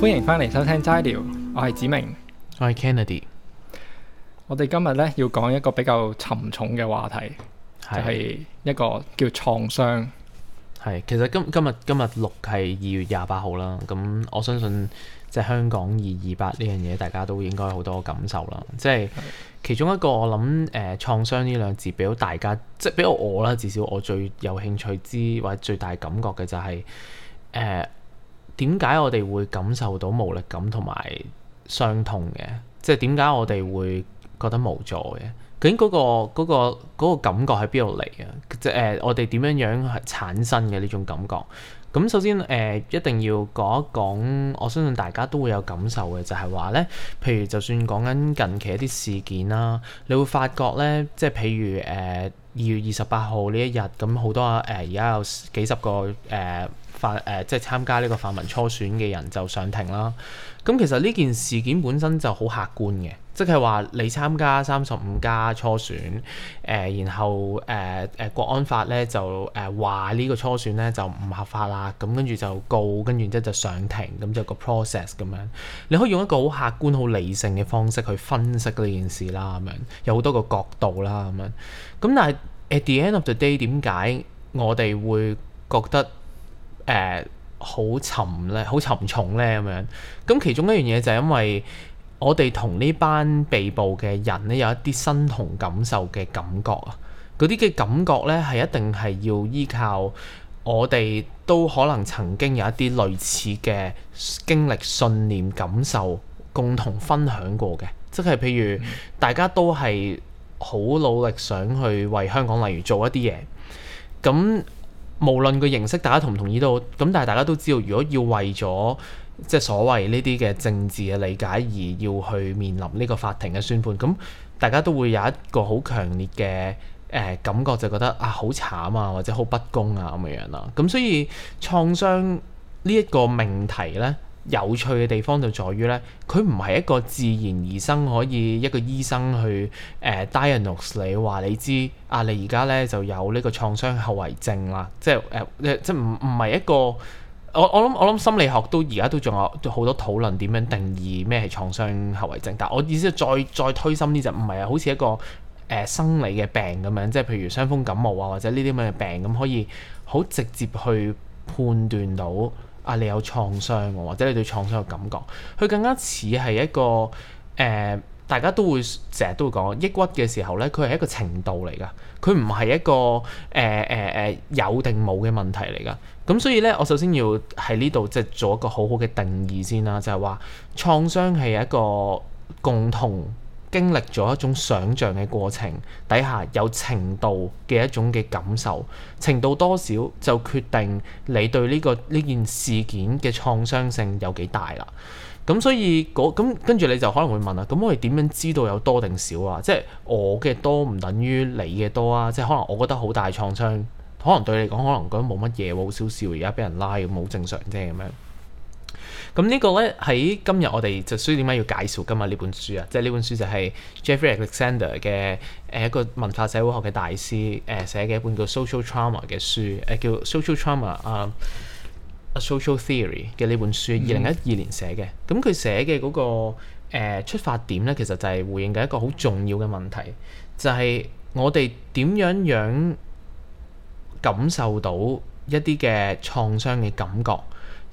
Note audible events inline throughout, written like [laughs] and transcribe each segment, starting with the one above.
歡迎翻嚟收聽齋聊，我係梓明，我係 Kennedy。我哋今日咧，要講一個比較沉重嘅話題，係、就是、一個叫創傷。係，其實今今日今日錄係二月廿八號啦，咁我相信即係香港二二八呢樣嘢，大家都應該好多感受啦。即係其中一個我諗，誒創傷呢兩字，俾到大家，即係俾到我啦，至少我最有興趣之或者最大感覺嘅就係、是，誒、呃。點解我哋會感受到無力感同埋傷痛嘅？即係點解我哋會覺得無助嘅？究竟嗰個嗰個嗰個感覺喺邊度嚟啊？即係、呃、我哋點樣樣係產生嘅呢種感覺？咁首先誒、呃，一定要講一講，我相信大家都會有感受嘅，就係話咧，譬如就算講緊近期一啲事件啦，你會發覺咧，即係譬如誒二月二十八號呢一日，咁好多誒而家有幾十個誒。呃法誒、呃，即係參加呢個泛民初選嘅人就上庭啦。咁、嗯、其實呢件事件本身就好客觀嘅，即係話你參加三十五加初選誒、呃，然後誒誒、呃呃、國安法咧就誒話呢個初選咧就唔合法啦。咁、嗯、跟住就告，跟住之後就上庭，咁、嗯、就個 process 咁樣。你可以用一個好客觀、好理性嘅方式去分析呢件事啦。咁、嗯、樣有好多個角度啦。咁樣咁，但係 at the end of the day，點解我哋會覺得？誒好、呃、沉咧，好沉重咧，咁樣。咁其中一樣嘢就係因為我哋同呢班被捕嘅人咧，有一啲身同感受嘅感覺啊。嗰啲嘅感覺咧，係一定係要依靠我哋都可能曾經有一啲類似嘅經歷、信念、感受共同分享過嘅，即係譬如大家都係好努力想去為香港，例如做一啲嘢，咁。無論個形式，大家同唔同意都好，但係大家都知道，如果要為咗即係所謂呢啲嘅政治嘅理解而要去面臨呢個法庭嘅宣判，咁大家都會有一個好強烈嘅誒、呃、感覺，就覺得啊好慘啊，或者好不公啊咁樣樣啦。咁所以創傷呢一個命題呢。有趣嘅地方就在於呢，佢唔係一個自然而生，可以一個醫生去誒 diagnose、呃、你話你知，啊你而家呢就有呢個創傷後遺症啦，即係誒、呃，即即唔唔係一個，我我諗我諗心理學都而家都仲有好多討論點樣定義咩係創傷後遺症，但我意思再再推深啲就唔係好似一個誒、呃、生理嘅病咁樣，即係譬如傷風感冒啊或者呢啲咁嘅病咁，可以好直接去判斷到。啊！你有創傷嘅，或者你對創傷嘅感覺，佢更加似係一個誒、呃，大家都會成日都會講抑鬱嘅時候咧，佢係一個程度嚟㗎，佢唔係一個誒誒誒有定冇嘅問題嚟㗎。咁所以咧，我首先要喺呢度即係做一個好好嘅定義先啦，就係、是、話創傷係一個共同。經歷咗一種想像嘅過程，底下有程度嘅一種嘅感受，程度多少就決定你對呢、這個呢件事件嘅創傷性有幾大啦。咁、嗯、所以咁跟住你就可能會問啦，咁、啊嗯、我哋點樣知道有多定少啊？即係我嘅多唔等於你嘅多啊？即係可能我覺得好大創傷，可能對你講可能覺得冇乜嘢好少少，而家俾人拉咁好正常，啊，啫。」嘢咩？咁呢個咧喺今日我哋就需要點解要介紹今日呢本書啊？即係呢本書就係 Jeffrey Alexander 嘅誒一個文化社會學嘅大師誒寫嘅一本、so 呃、叫《Social Trauma、uh,》嘅書，誒叫《Social Trauma》啊《A Social Theory》嘅呢本書，二零一二年寫嘅。咁佢寫嘅嗰個、呃、出發點咧，其實就係回應緊一個好重要嘅問題，就係、是、我哋點樣樣感受到一啲嘅創傷嘅感覺。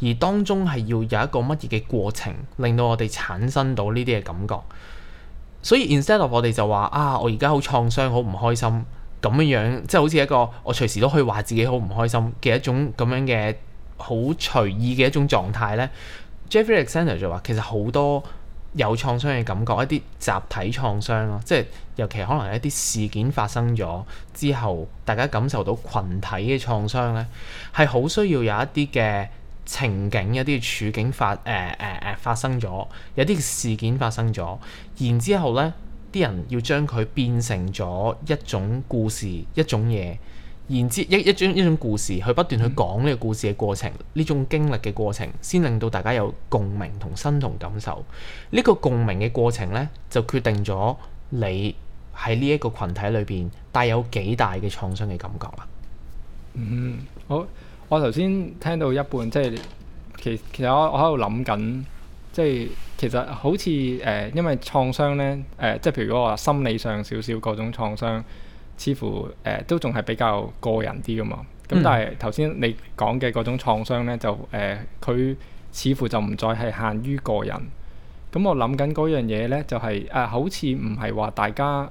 而當中係要有一個乜嘢嘅過程，令到我哋產生到呢啲嘅感覺。所以，instead of 我哋就話啊，我而家好創傷，好唔開心咁樣樣，即係好似一個我隨時都可以話自己好唔開心嘅一種咁樣嘅好隨意嘅一種狀態呢 [noise] Jeffrey Alexander 就話，其實好多有創傷嘅感覺，一啲集體創傷咯，即係尤其可能係一啲事件發生咗之後，大家感受到群體嘅創傷呢，係好需要有一啲嘅。情景，有啲處境發，誒誒誒，發生咗，有啲事件發生咗，然之後呢啲人要將佢變成咗一種故事，一種嘢，然之一一種一種故事，故事不斷去不斷去講呢個故事嘅過程，呢種經歷嘅過程，先令到大家有共鳴同身同感受。呢、這個共鳴嘅過程呢，就決定咗你喺呢一個群體裏邊帶有幾大嘅創傷嘅感覺啦。嗯，好。我頭先聽到一半，即係其其實我我喺度諗緊，即係其實好似誒、呃，因為創傷咧，誒、呃、即係譬如如果話心理上少少嗰種創傷，似乎誒、呃、都仲係比較個人啲㗎嘛。咁但係頭先你講嘅嗰種創傷咧，就誒佢、呃、似乎就唔再係限於個人。咁我諗緊嗰樣嘢咧，就係誒好似唔係話大家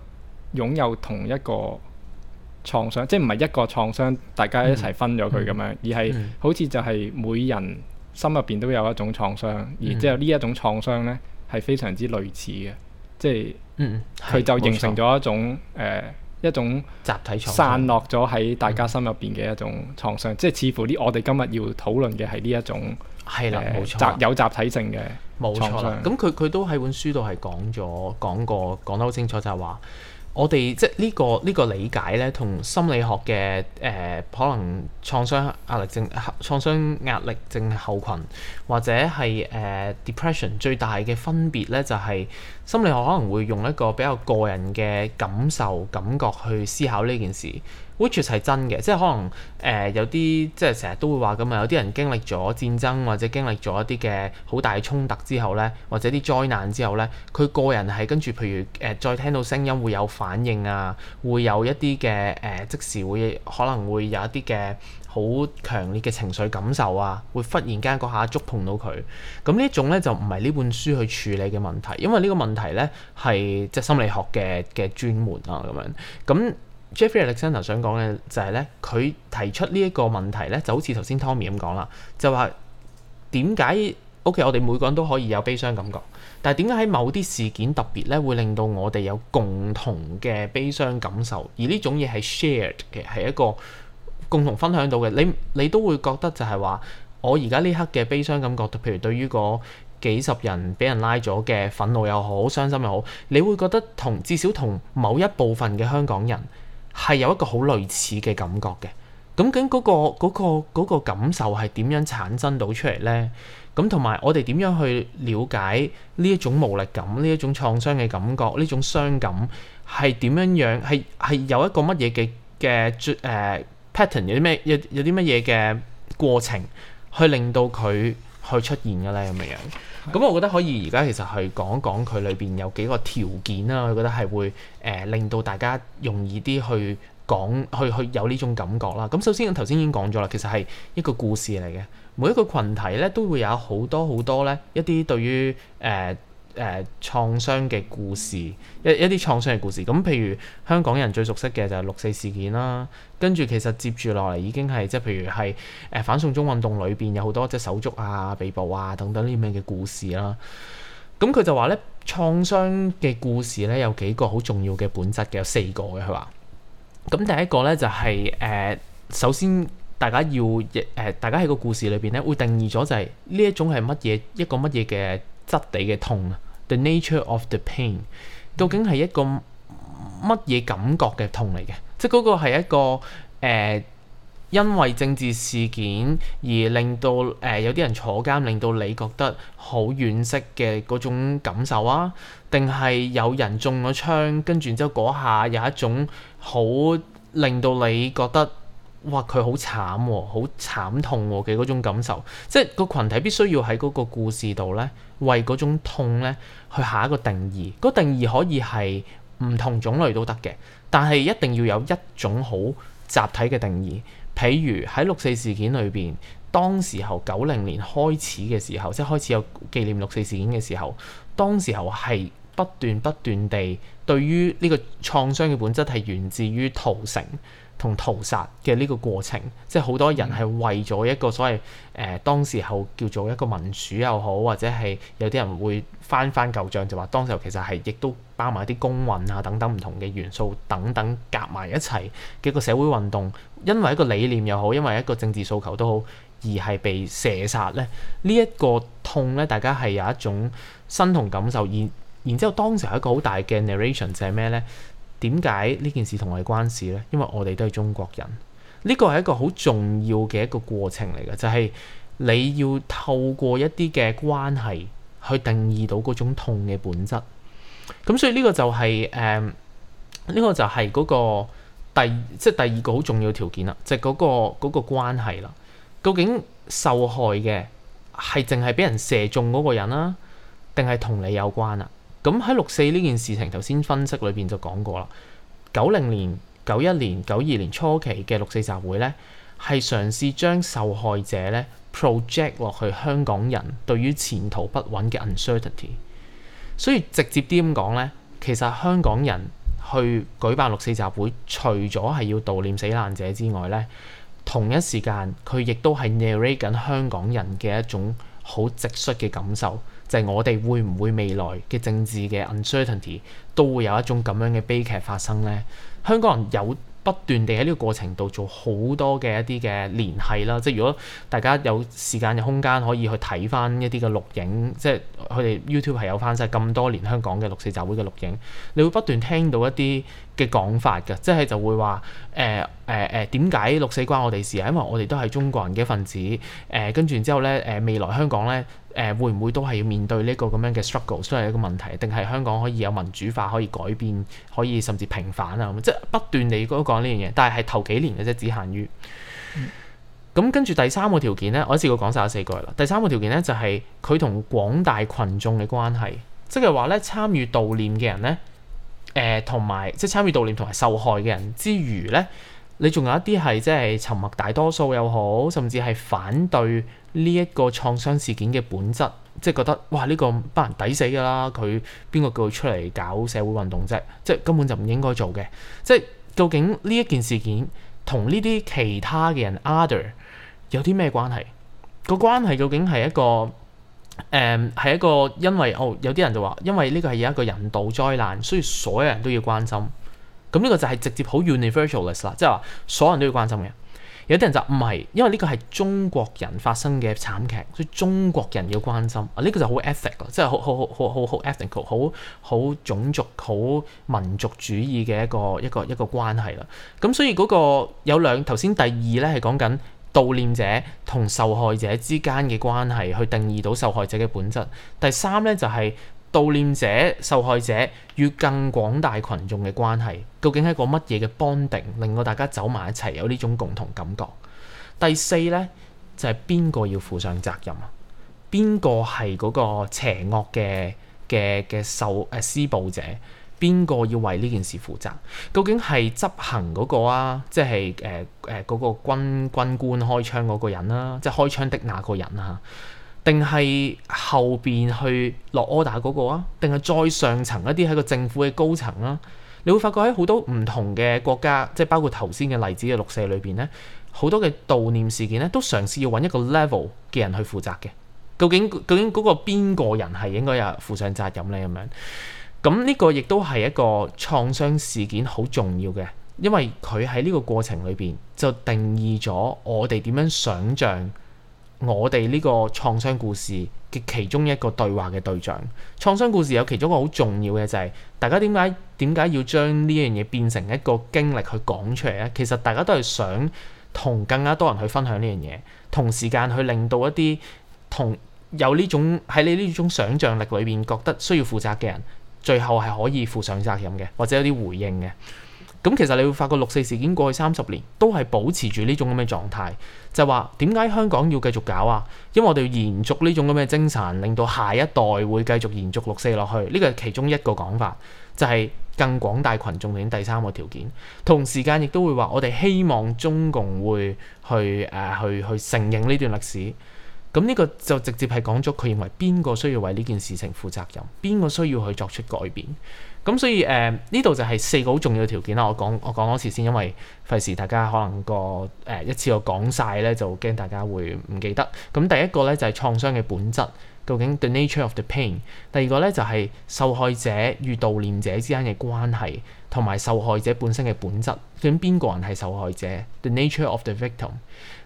擁有同一個創傷即係唔係一個創傷，大家一齊分咗佢咁樣，而係、嗯、好似就係每人心入邊都有一種創傷，嗯、而即係呢一種創傷呢，係非常之類似嘅，即係佢、嗯、就形成咗一種誒錯、呃、一種集體散落咗喺大家心入邊嘅一種創傷，嗯嗯、即係似乎呢，我哋今日要討論嘅係呢一種係、嗯嗯呃、啦，冇錯有集體性嘅創傷。咁佢佢都喺本書度係講咗講過講得好清楚，就係話。我哋即係、這、呢個呢、這個理解呢，同心理學嘅誒、呃、可能創傷壓力症、創傷壓力症候群或者係誒、呃、Depression 最大嘅分別呢，就係、是、心理學可能會用一個比較個人嘅感受、感覺去思考呢件事。Which 係真嘅，即係可能誒、呃、有啲即係成日都會話咁啊，有啲人經歷咗戰爭或者經歷咗一啲嘅好大衝突之後呢，或者啲災難之後呢，佢個人係跟住譬如誒、呃、再聽到聲音會有反應啊，會有一啲嘅誒即時會可能會有一啲嘅好強烈嘅情緒感受啊，會忽然間嗰下觸碰到佢。咁呢一種呢就唔係呢本書去處理嘅問題，因為呢個問題呢，係即係心理學嘅嘅專門啊咁樣咁。Jeffrey Alexander 想講嘅就係咧，佢提出呢一個問題咧，就好似頭先 Tommy 咁講啦，就話點解？OK，我哋每個人都可以有悲傷感覺，但係點解喺某啲事件特別咧，會令到我哋有共同嘅悲傷感受？而呢種嘢係 shared 嘅，係一個共同分享到嘅。你你都會覺得就係話，我而家呢刻嘅悲傷感覺，譬如對於嗰幾十人俾人拉咗嘅憤怒又好，傷心又好，你會覺得同至少同某一部分嘅香港人。係有一個好類似嘅感覺嘅，究竟嗰個、嗰個、嗰個感受係點樣產生到出嚟呢？咁同埋我哋點樣去了解呢一種無力感、呢一種創傷嘅感覺、呢種傷感係點樣樣？係係有一個乜嘢嘅嘅誒、呃、pattern？有啲咩有有啲乜嘢嘅過程去令到佢去出現㗎咧？咁樣樣。咁、嗯、我覺得可以而家其實係講一講佢裏邊有幾個條件啦、啊，我覺得係會誒、呃、令到大家容易啲去講，去去有呢種感覺啦。咁、嗯、首先頭先已經講咗啦，其實係一個故事嚟嘅，每一個群體咧都會有好多好多咧一啲對於誒、呃誒、呃、創傷嘅故事，一一啲創傷嘅故事。咁譬如香港人最熟悉嘅就係六四事件啦。跟住其實接住落嚟已經係即係譬如係誒、呃、反送中運動裏邊有好多隻手足啊、被捕啊等等呢啲咁嘅故事啦。咁佢就話咧創傷嘅故事咧有幾個好重要嘅本質嘅，有四個嘅佢話。咁第一個咧就係、是、誒、呃、首先大家要誒、呃、大家喺個故事裏邊咧會定義咗就係呢一種係乜嘢一個乜嘢嘅質地嘅痛啊。The nature of the pain，究竟係一個乜嘢感覺嘅痛嚟嘅？即係嗰個係一個誒，因為政治事件而令到誒有啲人坐監，令到你覺得好惋惜嘅嗰種感受啊？定係有人中咗槍，跟住之後嗰下有一種好令到你覺得？哇！佢好慘喎，好慘痛喎嘅嗰種感受，即係個群體必須要喺嗰個故事度呢，為嗰種痛呢去下一個定義。個定義可以係唔同種類都得嘅，但係一定要有一種好集體嘅定義。譬如喺六四事件裏邊，當時候九零年開始嘅時候，即係開始有紀念六四事件嘅時候，當時候係不斷不斷地對於呢個創傷嘅本質係源自於屠城。同屠殺嘅呢個過程，即係好多人係為咗一個所謂誒、呃、當時候叫做一個民主又好，或者係有啲人會翻翻舊帳，就話當時候其實係亦都包埋啲工運啊等等唔同嘅元素等等夾埋一齊嘅一個社會運動，因為一個理念又好，因為一個政治訴求都好，而係被射殺咧。呢、這、一個痛咧，大家係有一種身同感受。而然然之後，當時係一個好大嘅 narration，就係咩咧？點解呢件事同我哋關事呢？因為我哋都係中國人，呢、這個係一個好重要嘅一個過程嚟嘅，就係、是、你要透過一啲嘅關係去定義到嗰種痛嘅本質。咁、嗯、所以呢個就係、是、誒，呢、嗯這個就係嗰、那個第即係第二個好重要條件啦，就係、是、嗰、那個嗰、那個關係啦。究竟受害嘅係淨係俾人射中嗰個人啦，定係同你有關啊？咁喺六四呢件事情，頭先分析裏邊就講過啦。九零年、九一年、九二年初期嘅六四集會呢，係嘗試將受害者呢 project 落去香港人對於前途不穩嘅 uncertainty。所以直接啲咁講呢，其實香港人去舉辦六四集會，除咗係要悼念死難者之外呢，同一時間佢亦都係 narrate 緊香港人嘅一種好直率嘅感受。就係我哋會唔會未來嘅政治嘅 uncertainty 都會有一種咁樣嘅悲劇發生呢？香港人有不斷地喺呢個過程度做好多嘅一啲嘅聯繫啦。即係如果大家有時間嘅空間可以去睇翻一啲嘅錄影，即係佢哋 YouTube 係有翻晒咁多年香港嘅六四集會嘅錄影，你會不斷聽到一啲嘅講法㗎，即係就會話誒誒誒點解六四關我哋事啊？因為我哋都係中國人嘅份子誒，跟住然之後咧誒未來香港咧誒、呃、會唔會都係要面對呢個咁樣嘅 struggle 都係一個問題，定係香港可以有民主化、可以改變、可以甚至平反啊？咁即係不斷你都講呢樣嘢，但係係頭幾年嘅啫，只限於。咁跟住第三個條件咧，我一次過講晒有四句啦。第三個條件咧就係佢同廣大群眾嘅關係，即係話咧參與悼念嘅人咧。誒同埋即係參與悼念同埋受害嘅人之餘呢，你仲有一啲係即係沉默大多數又好，甚至係反對呢一個創傷事件嘅本質，即係覺得哇呢個班人抵死㗎啦，佢邊個叫佢出嚟搞社會運動啫？即係根本就唔應該做嘅。即係究竟呢一件事件同呢啲其他嘅人 other 有啲咩關係？個關係究竟係一個？誒係、um, 一個因為哦，oh, 有啲人就話，因為呢個係有一個人道災難，所以所有人都要關心。咁呢個就係直接好 universalist 啦，即係話所有人都要關心嘅。有啲人就唔係，因為呢個係中國人發生嘅慘劇，所以中國人要關心。啊，呢個就好 ethic 啦，即係好好好好 ethical，好好種族好民族主義嘅一個一個一個，一個關係啦。咁所以嗰個有兩頭先第二呢係講緊。悼念者同受害者之間嘅關係，去定義到受害者嘅本質。第三呢，就係、是、悼念者、受害者與更廣大群眾嘅關係，究竟係個乜嘢嘅邦定令到大家走埋一齊有呢種共同感覺？第四呢，就係邊個要負上責任啊？邊個係嗰個邪惡嘅嘅受、呃、施暴者？邊個要為呢件事負責？究竟係執行嗰個啊，即係誒誒嗰個軍，軍官開槍嗰個人啦、啊，即係開槍的那個人啊，定係後邊去落 order 嗰個啊？定係再上層一啲喺個政府嘅高層啊？你會發覺喺好多唔同嘅國家，即係包括頭先嘅例子嘅六四裏邊呢，好多嘅悼念事件呢，都嘗試要揾一個 level 嘅人去負責嘅。究竟究竟嗰個邊個人係應該有負上責任呢？咁樣？咁呢個亦都係一個創傷事件，好重要嘅，因為佢喺呢個過程裏邊就定義咗我哋點樣想像我哋呢個創傷故事嘅其中一個對話嘅對象。創傷故事有其中一個好重要嘅就係大家點解點解要將呢樣嘢變成一個經歷去講出嚟呢？其實大家都係想同更加多人去分享呢樣嘢，同時間去令到一啲同有呢種喺你呢種想像力裏邊覺得需要負責嘅人。最後係可以負上責任嘅，或者有啲回應嘅。咁其實你會發覺六四事件過去三十年都係保持住呢種咁嘅狀態，就話點解香港要繼續搞啊？因為我哋要延續呢種咁嘅精神，令到下一代會繼續延續六四落去。呢個係其中一個講法，就係、是、更廣大羣眾嘅第三個條件。同時間亦都會話，我哋希望中共會去誒、呃、去去承認呢段歷史。咁呢個就直接係講咗佢認為邊個需要為呢件事情負責任，邊個需要去作出改變。咁所以誒呢度就係四個好重要嘅條件啦。我講我講多次先，因為費事大家可能個誒、呃、一次過講晒咧，就驚大家會唔記得。咁第一個咧就係創傷嘅本質，究竟 the nature of the pain。第二個咧就係、是、受害者與悼念者之間嘅關係。同埋受害者本身嘅本質，究竟邊個人係受害者？The nature of the victim。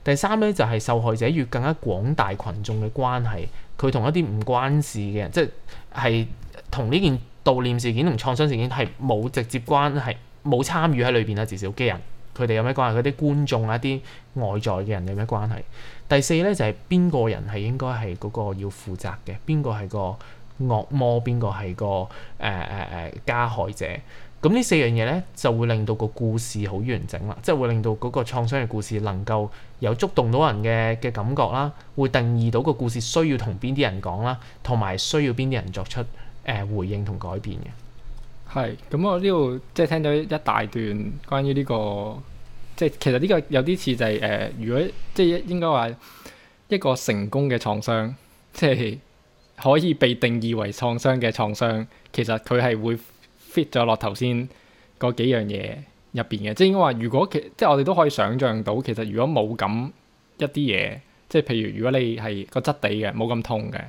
第三咧就係受害者與更加廣大群眾嘅關係，佢同一啲唔關事嘅人，即係係同呢件悼念事件同創傷事件係冇直接關係，冇參與喺裏邊啊。至少嘅人佢哋有咩關係？嗰啲觀眾啊，一啲外在嘅人有咩關係？第四咧就係邊個人係應該係嗰個要負責嘅？邊個係個惡魔？邊個係個誒誒誒加害者？咁呢四樣嘢咧，就會令到個故事好完整啦，即係會令到嗰個創傷嘅故事能夠有觸動到人嘅嘅感覺啦，會定義到個故事需要同邊啲人講啦，同埋需要邊啲人作出誒、呃、回應同改變嘅。係，咁我呢度即係聽到一大段關於呢個，即係其實呢個有啲似就係誒、呃，如果即係應該話一個成功嘅創傷，即係可以被定義為創傷嘅創傷，其實佢係會 fit 咗落頭先嗰幾樣嘢入邊嘅，即係應該話，如果其即係我哋都可以想象到，其實如果冇咁一啲嘢，即係譬如如果你係個質地嘅冇咁痛嘅，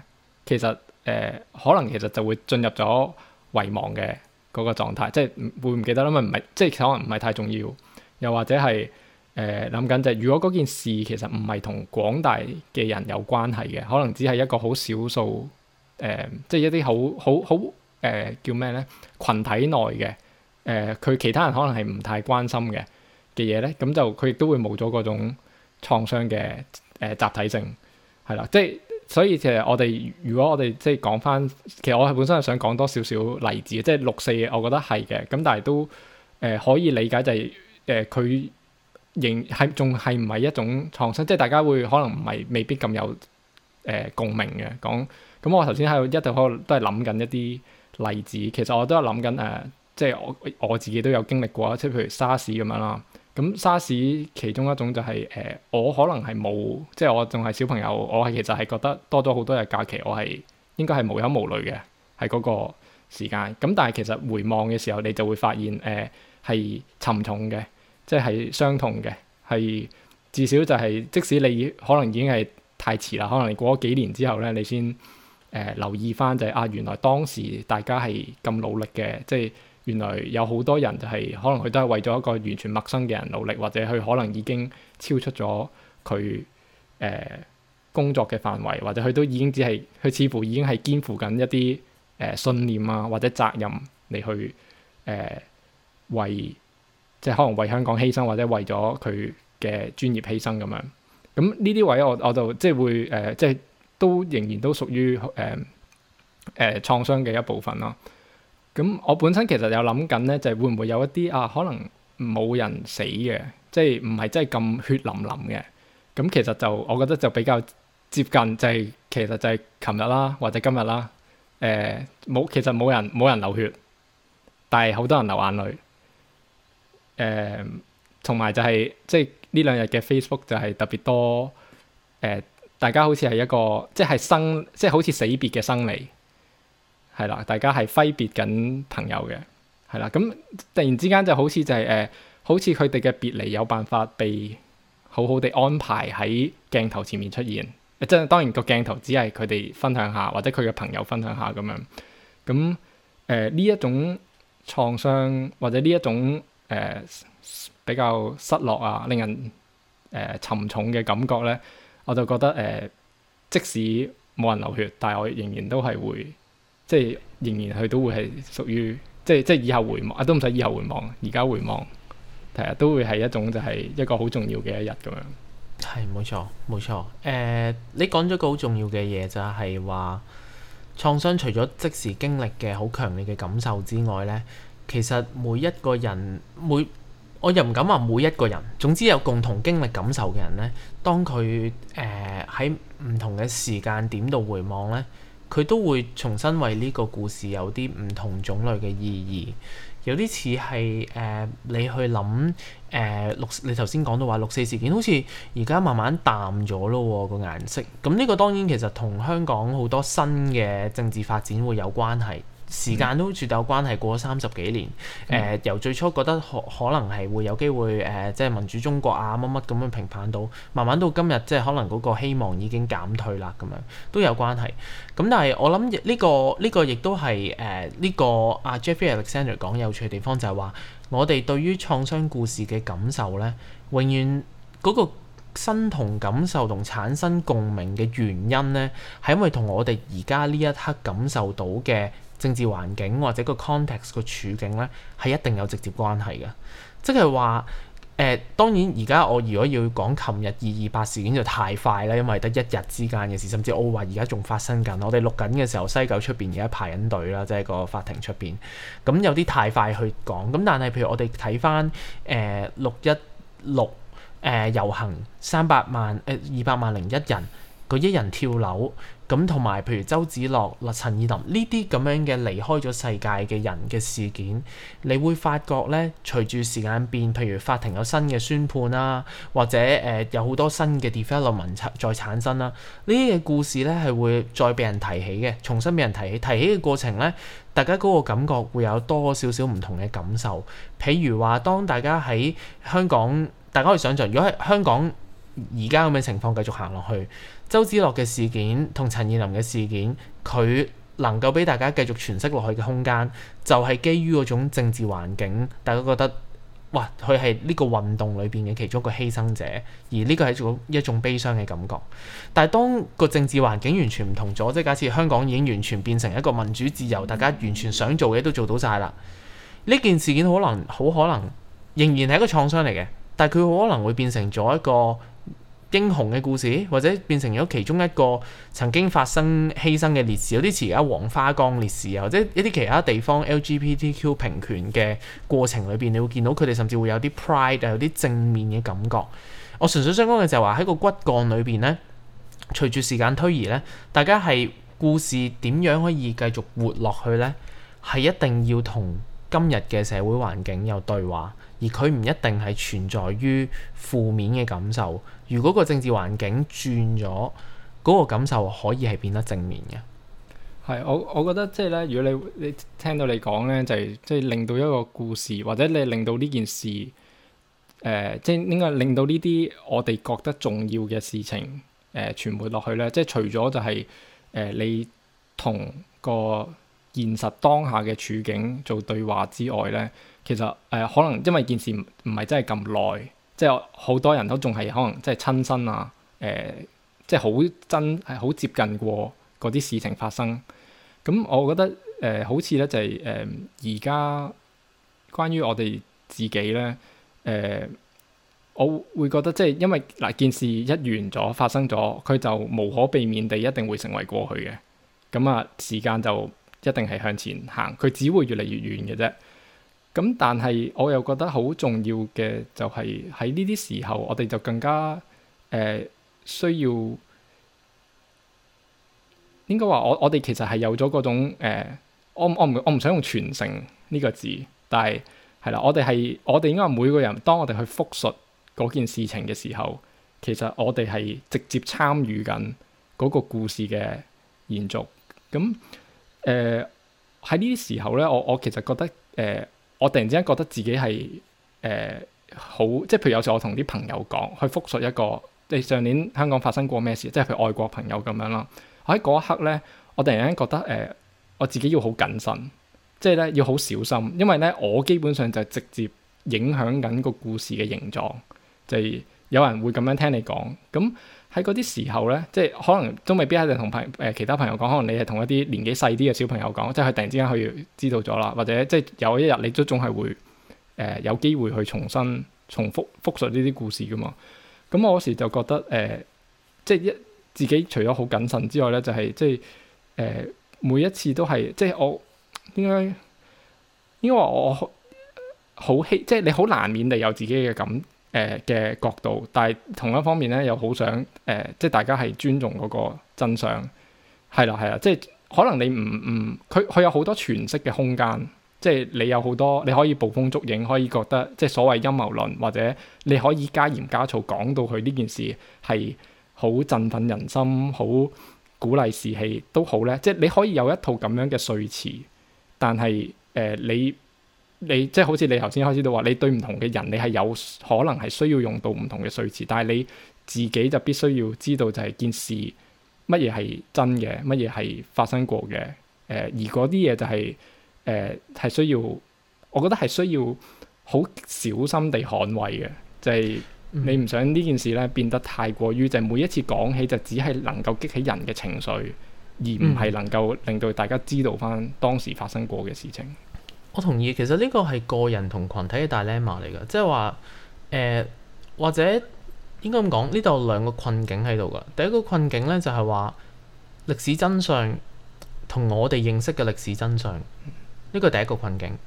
其實誒、呃、可能其實就會進入咗遺忘嘅嗰、嗰個狀態，即係會唔記得啦？咪唔係即係可能唔係太重要，又或者係誒諗緊就係、係、如果嗰件事其實唔係同廣大嘅人有關係嘅，可能只係一個好少數誒、呃，即係一啲好好好。誒、呃、叫咩咧？群體內嘅誒，佢、呃、其他人可能係唔太關心嘅嘅嘢咧，咁就佢亦都會冇咗嗰種創傷嘅誒集體性，係啦。即係所以其實我哋如果我哋即係講翻，其實我係本身係想講多少少例子即係六四我覺得係嘅。咁但係都誒、呃、可以理解就係誒佢仍係仲係唔係一種創傷？即係大家會可能唔係未必咁有誒、呃、共鳴嘅講。咁我頭先喺度，一度喺度都係諗緊一啲。例子，其實我都有諗緊誒，即係我我自己都有經歷過，即譬如沙士咁樣啦。咁、嗯、沙士其中一種就係、是、誒、呃，我可能係冇，即係我仲係小朋友，我係其實係覺得多咗好多日假期，我係應該係無憂無慮嘅，係嗰個時間。咁、嗯、但係其實回望嘅時候，你就會發現誒係、呃、沉重嘅，即係傷痛嘅，係至少就係、是、即使你可能已經係太遲啦，可能過咗幾年之後咧，你先。誒、呃、留意翻就係、是、啊，原來當時大家係咁努力嘅，即係原來有好多人就係、是、可能佢都係為咗一個完全陌生嘅人努力，或者佢可能已經超出咗佢誒工作嘅範圍，或者佢都已經只係佢似乎已經係肩負緊一啲誒、呃、信念啊，或者責任嚟去誒、呃、為即係可能為香港犧牲，或者為咗佢嘅專業犧牲咁樣。咁呢啲位我我，我就即係會誒、呃、即係。都仍然都屬於誒誒創傷嘅一部分咯。咁我本身其實有諗緊咧，就係、是、會唔會有一啲啊，可能冇人死嘅，即係唔係真係咁血淋淋嘅。咁其實就我覺得就比較接近、就是，就係其實就係琴日啦，或者今日啦，誒、呃、冇其實冇人冇人流血，但係好多人流眼淚。誒同埋就係即係呢兩日嘅 Facebook 就係、是、特別多誒。呃大家好似係一個，即係生，即係好似死別嘅生離，係啦。大家係揮別緊朋友嘅，係啦。咁突然之間就好似就係、是、誒、呃，好似佢哋嘅別離有辦法被好好地安排喺鏡頭前面出現。呃、即係當然個鏡頭只係佢哋分享下，或者佢嘅朋友分享下咁樣。咁誒呢一種創傷，或者呢一種誒、呃、比較失落啊，令人誒、呃、沉重嘅感覺咧。我就覺得誒、呃，即使冇人流血，但係我仍然都係會，即係仍然佢都會係屬於，即係即係以後回望啊，都唔使以後回望，而家回望，係啊，都會係一種就係一個好重要嘅一日咁樣。係冇錯，冇錯。誒、呃，你講咗個好重要嘅嘢就係話創傷除咗即時經歷嘅好強烈嘅感受之外咧，其實每一個人每我又唔敢話每一個人，總之有共同經歷感受嘅人呢。當佢誒喺唔同嘅時間點度回望呢，佢都會重新為呢個故事有啲唔同種類嘅意義。有啲似係誒，你去諗誒六，你頭先講到話六四事件，好似而家慢慢淡咗咯喎個顏色。咁呢個當然其實同香港好多新嘅政治發展會有關係。時間都絕對有關係，過咗三十幾年，誒、嗯呃、由最初覺得可可能係會有機會，誒、呃、即係民主中國啊，乜乜咁樣平反到，慢慢到今日即係可能嗰個希望已經減退啦，咁樣都有關係。咁但係我諗呢個呢個亦都係誒呢個阿 Jeffrey Alexander 講有趣嘅地方就係話，我哋對於創傷故事嘅感受呢，永遠嗰個身同感受同產生共鳴嘅原因呢，係因為同我哋而家呢一刻感受到嘅。政治環境或者個 context 個處境呢，係一定有直接關係嘅。即係話誒，當然而家我如果要講琴日二二八事件就太快啦，因為得一日之間嘅事，甚至、哦、我話而家仲發生緊，我哋錄緊嘅時候，西九出邊而家排緊隊啦，即係個法庭出邊。咁有啲太快去講。咁但係譬如我哋睇翻誒六一六誒遊行三百萬誒二百萬零一人，個一人跳樓。咁同埋，譬如周梓樂、陳彥霖呢啲咁樣嘅離開咗世界嘅人嘅事件，你會發覺咧，隨住時間變，譬如法庭有新嘅宣判啦、啊，或者誒、呃、有好多新嘅 development 再產生啦、啊，呢啲嘅故事咧係會再被人提起嘅，重新被人提起。提起嘅過程咧，大家嗰個感覺會有多少少唔同嘅感受。譬如話，當大家喺香港，大家可以想像，如果喺香港而家咁嘅情況繼續行落去。周梓樂嘅事件同陳彥霖嘅事件，佢能夠俾大家繼續詮釋落去嘅空間，就係基於嗰種政治環境，大家覺得，哇，佢係呢個運動裏邊嘅其中一個犧牲者，而呢個係一種一種悲傷嘅感覺。但係當個政治環境完全唔同咗，即係假設香港已經完全變成一個民主自由，大家完全想做嘅都做到晒啦，呢件事件可能好可能仍然係一個創傷嚟嘅，但係佢可能會變成咗一個英雄嘅故事，或者變成咗其中一個曾經發生犧牲嘅烈士，有啲似而家黃花崗烈士啊，或者一啲其他地方 LGBTQ 平權嘅過程裏邊，你會見到佢哋甚至會有啲 pride，有啲正面嘅感覺。我純粹想講嘅就係話喺個骨幹裏邊呢，隨住時間推移呢，大家係故事點樣可以繼續活落去呢？係一定要同今日嘅社會環境有對話。而佢唔一定係存在於負面嘅感受。如果個政治環境轉咗，嗰個感受可以係變得正面嘅。係我我覺得即係咧，如果你你聽到你講咧，就係即係令到一個故事，或者你令到呢件事，誒、呃、即係應該令到呢啲我哋覺得重要嘅事情誒、呃、傳播落去咧。即係除咗就係誒、呃、你同個現實當下嘅處境做對話之外咧。其實誒、呃，可能因為件事唔係真係咁耐，即係好多人都仲係可能即係親身啊，誒、呃，即係好真係好接近過嗰啲事情發生。咁、嗯、我覺得誒、呃，好似咧就係誒而家關於我哋自己咧誒、呃，我會覺得即係因為嗱件事一完咗發生咗，佢就無可避免地一定會成為過去嘅。咁、嗯、啊，時間就一定係向前行，佢只會越嚟越遠嘅啫。咁但係我又覺得好重要嘅就係喺呢啲時候，我哋就更加誒、呃、需要應該話我我哋其實係有咗嗰種誒、呃，我我唔我唔想用傳承呢個字，但係係啦，我哋係我哋應該話每個人，當我哋去復述嗰件事情嘅時候，其實我哋係直接參與緊嗰個故事嘅延續。咁誒喺呢啲時候咧，我我其實覺得誒、呃我突然之間覺得自己係誒、呃、好，即係譬如有時我同啲朋友講去複述一個即上年香港發生過咩事，即係譬如外國朋友咁樣啦。喺嗰一刻咧，我突然間覺得誒、呃、我自己要好謹慎，即係咧要好小心，因為咧我基本上就係直接影響緊個故事嘅形狀，就係、是、有人會咁樣聽你講咁。嗯喺嗰啲時候咧，即係可能都未必一定同朋、誒，其他朋友講，可能你係同一啲年紀細啲嘅小朋友講，即係佢突然之間佢知道咗啦，或者即係有一日你都總係會誒、呃、有機會去重新重複複述呢啲故事㗎嘛。咁我嗰時就覺得誒、呃，即係一自己除咗好謹慎之外咧，就係、是、即係誒、呃、每一次都係即係我應該應該話我好希即係你好難免地有自己嘅感。誒嘅、呃、角度，但係同一方面咧，又好想誒、呃，即係大家係尊重嗰個真相，係啦係啦，即係可能你唔唔，佢、嗯、佢有好多詮釋嘅空間，即係你有好多你可以捕風捉影，可以覺得即係所謂陰謀論，或者你可以加鹽加醋講到佢呢件事係好振奮人心、好鼓勵士氣都好咧，即係你可以有一套咁樣嘅說辭，但係誒、呃、你。你即係好似你頭先開始都話，你對唔同嘅人，你係有可能係需要用到唔同嘅說辭，但係你自己就必須要知道就係件事乜嘢係真嘅，乜嘢係發生過嘅。誒、呃、而嗰啲嘢就係誒係需要，我覺得係需要好小心地捍衞嘅，就係、是、你唔想呢件事咧變得太過於、嗯、就每一次講起就只係能夠激起人嘅情緒，而唔係能夠令到大家知道返當時發生過嘅事情。我同意，其實呢個係個人同群體嘅大 dilemma 嚟㗎，即係話誒或者應該咁講，呢度有兩個困境喺度㗎。第一個困境咧就係話歷史真相同我哋認識嘅歷史真相，呢、這個第一個困境。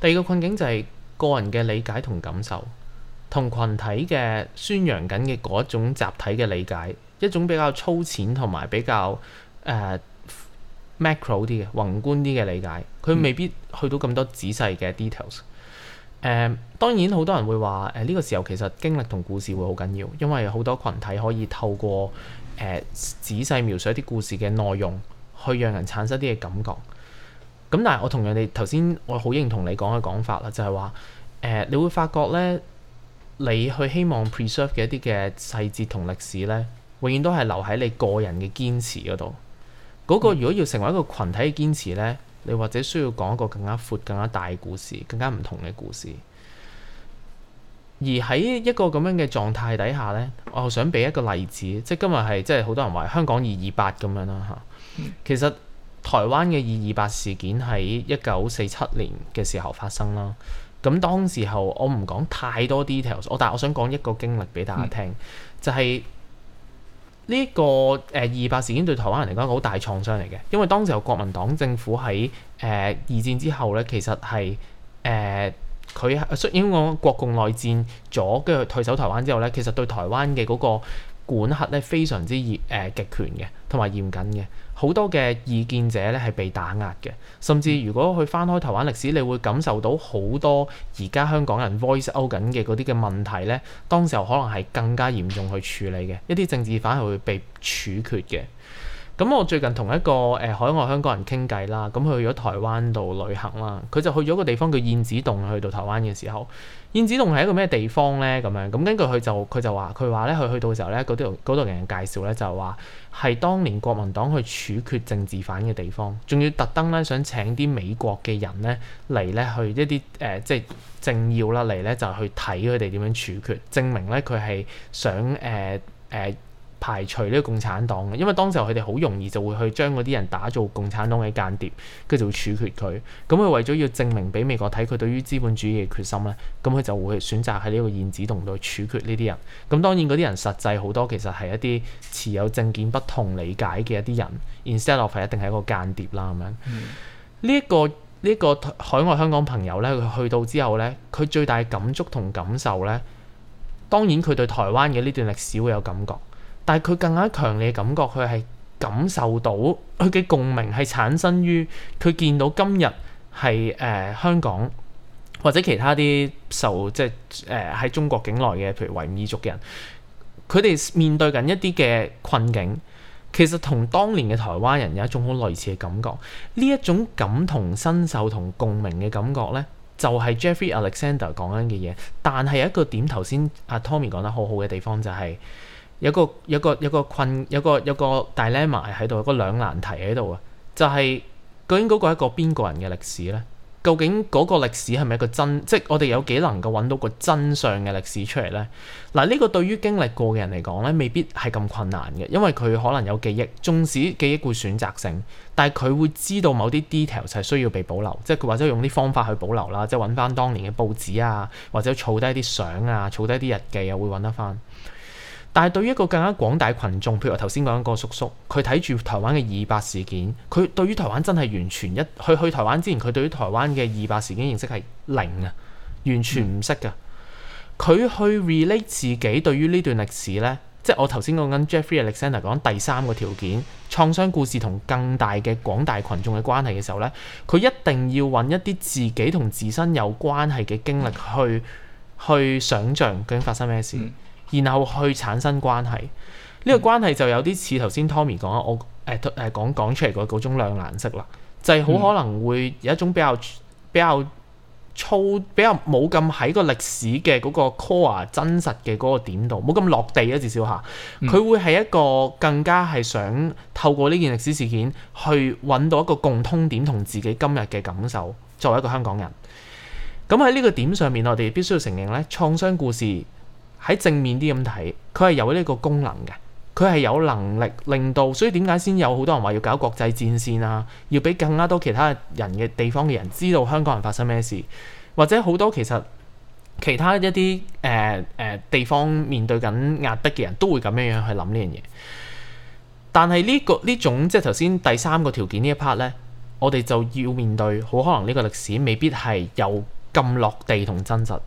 第二個困境就係個人嘅理解同感受，同群體嘅宣揚緊嘅嗰一種集體嘅理解，一種比較粗淺同埋比較誒。呃 Macro 啲嘅宏觀啲嘅理解，佢未必去到咁多仔細嘅 details。誒、嗯，當然好多人會話誒呢個時候其實經歷同故事會好緊要，因為好多群體可以透過誒、呃、仔細描述一啲故事嘅內容，去讓人產生啲嘅感覺。咁但係我同樣地頭先，我好認同你講嘅講法啦，就係話誒，你會發覺咧，你去希望 preserve 嘅一啲嘅細節同歷史咧，永遠都係留喺你個人嘅堅持嗰度。嗰個如果要成為一個群體嘅堅持呢，你或者需要講一個更加闊、更加大故事、更加唔同嘅故事。而喺一個咁樣嘅狀態底下呢，我又想俾一個例子，即係今日係即係好多人話香港二二八咁樣啦嚇。其實台灣嘅二二八事件喺一九四七年嘅時候發生啦。咁當時候我唔講太多 details，我但係我想講一個經歷俾大家聽，就係、是。呢個誒二二八事件對台灣人嚟講好大創傷嚟嘅，因為當時候國民黨政府喺誒、呃、二戰之後咧，其實係誒佢雖然講國共內戰咗，跟住退守台灣之後咧，其實對台灣嘅嗰個管轄咧非常之嚴，誒極權嘅，同埋嚴謹嘅。好多嘅意見者咧係被打壓嘅，甚至如果去翻開台灣歷史，你會感受到好多而家香港人 voice out 緊嘅嗰啲嘅問題咧，當時候可能係更加嚴重去處理嘅，一啲政治犯係會被處決嘅。咁、嗯、我最近同一個誒、呃、海外香港人傾偈啦，咁、嗯、佢去咗台灣度旅行啦，佢就去咗一個地方叫燕子洞，去到台灣嘅時候，燕子洞係一個咩地方咧？咁樣咁、嗯、根據佢就佢就話佢話咧佢去到時候，咧嗰度度人介紹咧就係話係當年國民黨去處決政治犯嘅地方，仲要特登咧想請啲美國嘅人咧嚟咧去一啲誒、呃、即係政要啦嚟咧就去睇佢哋點樣處決，證明咧佢係想誒誒。呃呃排除呢個共產黨嘅，因為當時候佢哋好容易就會去將嗰啲人打造共產黨嘅間諜，跟住就會處決佢。咁佢為咗要證明俾美國睇佢對於資本主義嘅決心咧，咁佢就會選擇喺呢個燕子洞度處決呢啲人。咁當然嗰啲人實際好多其實係一啲持有政見不同理解嘅一啲人。instead of 一定係一個間諜啦。咁樣呢一個呢、這個海外香港朋友咧，佢去到之後咧，佢最大嘅感觸同感受咧，當然佢對台灣嘅呢段歷史會有感覺。但係佢更加強烈嘅感覺，佢係感受到佢嘅共鳴係產生於佢見到今日係誒香港或者其他啲受即係誒喺中國境內嘅，譬如維吾爾族嘅人，佢哋面對緊一啲嘅困境，其實同當年嘅台灣人有一種好類似嘅感覺。呢一種感同身受同共鳴嘅感覺呢，就係、是、Jeffrey Alexander 講緊嘅嘢。但係有一個點，頭先阿 Tommy 講得好好嘅地方就係、是。有個有個有個困有個有個 dilemma 喺度，有個有個有個兩難題喺度啊！就係究竟嗰個係一個邊個人嘅歷史呢？究竟嗰個歷史係咪一個真？即係我哋有幾能夠揾到個真相嘅歷史出嚟呢？嗱，呢個對於經歷過嘅人嚟講呢，未必係咁困難嘅，因為佢可能有記憶，縱使記憶會選擇性，但係佢會知道某啲 detail 係需要被保留，即係佢或者用啲方法去保留啦，即係揾翻當年嘅報紙啊，或者儲低啲相啊，儲低啲日記啊，會揾得翻。但係對於一個更加廣大群眾，譬如我頭先講緊個叔叔，佢睇住台灣嘅二八事件，佢對於台灣真係完全一，佢去台灣之前，佢對於台灣嘅二八事件認識係零啊，完全唔識噶。佢、嗯、去 relate 自己對於呢段歷史呢，即係我頭先講緊 Jeffrey Alexander 講第三個條件，創傷故事同更大嘅廣大群眾嘅關係嘅時候呢，佢一定要揾一啲自己同自身有關係嘅經歷去去想像究竟發生咩事。嗯然後去產生關係，呢、這個關係就有啲似頭先 Tommy 講我誒誒講講出嚟嗰種亮藍色啦，就係、是、好可能會有一種比較比較粗比較冇咁喺個歷史嘅嗰個 core 真實嘅嗰個點度，冇咁落地一、啊、至少吓佢會係一個更加係想透過呢件歷史事件去揾到一個共通點同自己今日嘅感受，作為一個香港人。咁喺呢個點上面，我哋必須要承認呢創傷故事。喺正面啲咁睇，佢係有呢個功能嘅，佢係有能力令到，所以點解先有好多人話要搞國際戰線啊？要俾更加多其他人嘅地方嘅人知道香港人發生咩事，或者好多其實其他一啲誒誒地方面對緊壓迫嘅人都會咁樣樣去諗呢樣嘢。但係呢個呢種即係頭先第三個條件呢一 part 咧，我哋就要面對好可能呢個歷史未必係有咁落地同真實。